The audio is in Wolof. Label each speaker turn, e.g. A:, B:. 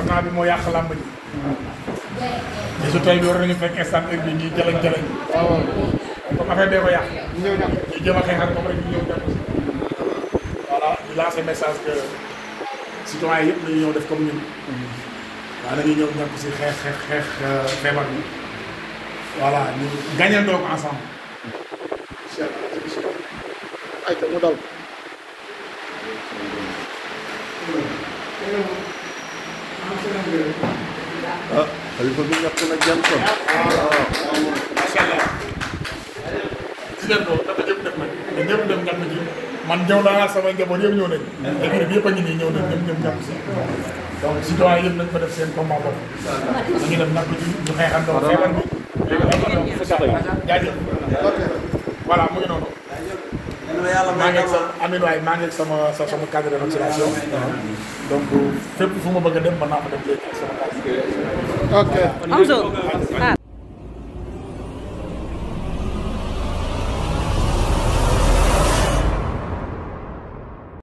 A: corona bi moo yàq làmb ji. mais su tey bi war nañu fekk instant heure bii ñuy jëlañ jëlañ. waaw waaw comme affaire bee ko yàq. ñu ñëw ñàkk ñu jëm a xeex ak moom rek ñu ñëw ñàkk aussi. voilà ñu lancé message que citoyen yëpp nañu ñëw def comme ñun. waaw dañuy ñëw ñàkk si xeex xeex xeex euh, feebar bi. voilà ah xalifa bi
B: ñàkk na jantam waaw macha allah
A: sendo dafa jëm def man ñëw naa sama njaboot yëpp ñëw nañ écrit yëpp a ngi nii ñëw nañ ñëpp dem si donc citoyen yëpp nañ ko def seen combat bopp dañu dem ngàtt ji ñu xeexandoo xeexandoo jaajëf voilà mu ngi noonu yàlla may na amiin maa ngi sama sa sama cadre de vaccination. donc fépp fu ma bëgg a dem mën naa fa dem léegi ak sama cadre.
B: ok.